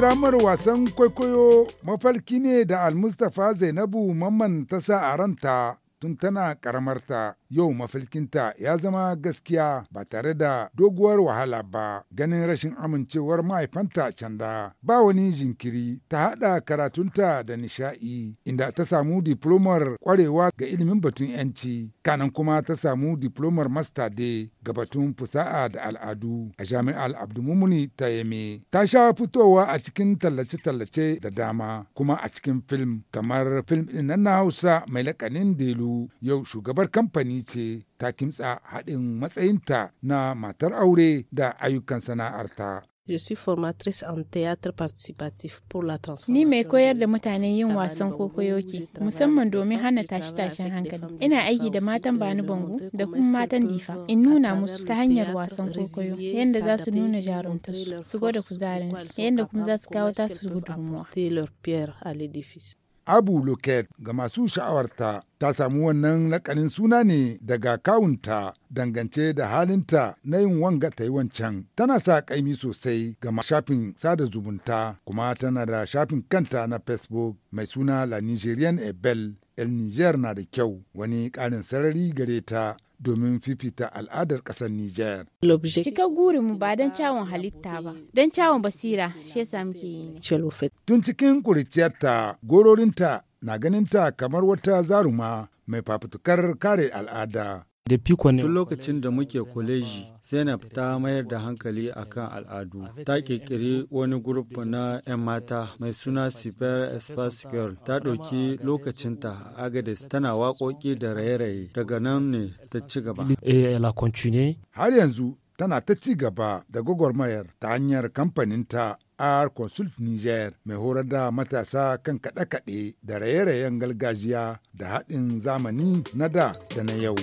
ramar wasan kwaikwayo mafarki ne da Almustapha Zainabu Mamman ta sa a ranta tun tana karamarta yau mafilkinta ya zama gaskiya ba tare da doguwar wahala ba ganin rashin amincewar mahaifanta canda ba wani jinkiri ta haɗa karatunta da nishaɗi inda ta samu diplomar kwarewa ga ilimin batun yanci kanan kuma ta samu diplomar masta de ga batun fusa'a da al'adu a jami'ar abdulmumuni ta yame ta sha fitowa a cikin tallace-tallace da dama kuma a cikin film kamar film ɗin na hausa mai lakanin delu yau shugabar kamfani ce ta kimtsa haɗin matsayinta na matar aure da ayyukan sana'arta. Je suis formatrice en théâtre participatif pour la transformation. Ni mai koyar da mutane yin wasan kokoyoki, musamman domin hana tashi-tashin hankali. Ina aiki da matan bani bango da kuma matan difa. In nuna musu ta hanyar wasan kokoyo yadda za su nuna jarumta su gwada su, yadda kuma za su kawo tasu gudunmuwa. Abu Loket ga masu sha'awarta ta samu wannan lakanin suna ne daga kawunta dangance da halinta na yin wanga ta yi wancan. Tana sa kaimi sosai ga shafin sada zumunta kuma tana da shafin kanta na Facebook mai suna La Nigerian Ebel. El Niger na da kyau wani ƙarin sarari gare ta domin fifita al'adar ƙasar Nijar. Cika gurin mu ba don kyawun halitta ba, don kyawun basira shi yasa muke yi. Tun cikin kuriciyarta, gororinta na ganinta kamar wata zaruma mai fafutukar kare al'ada. Tun lokacin da muke kwaleji, Zainab ta mayar da hankali a kan al'adu. Ta kirkiri wani gurupu na 'yan mata mai suna Super Espace Girl. Ta ɗauki lokacinta a agades tana waƙoƙi da raye-raye. Daga nan ne ta ci gaba. Har yanzu tana ta ci gaba da gwagwarmayar ta hanyar kamfaninta R Consult Niger mai horar da matasa kan kaɗe-kaɗe da raye-rayen gargajiya da haɗin zamani na da da na yau.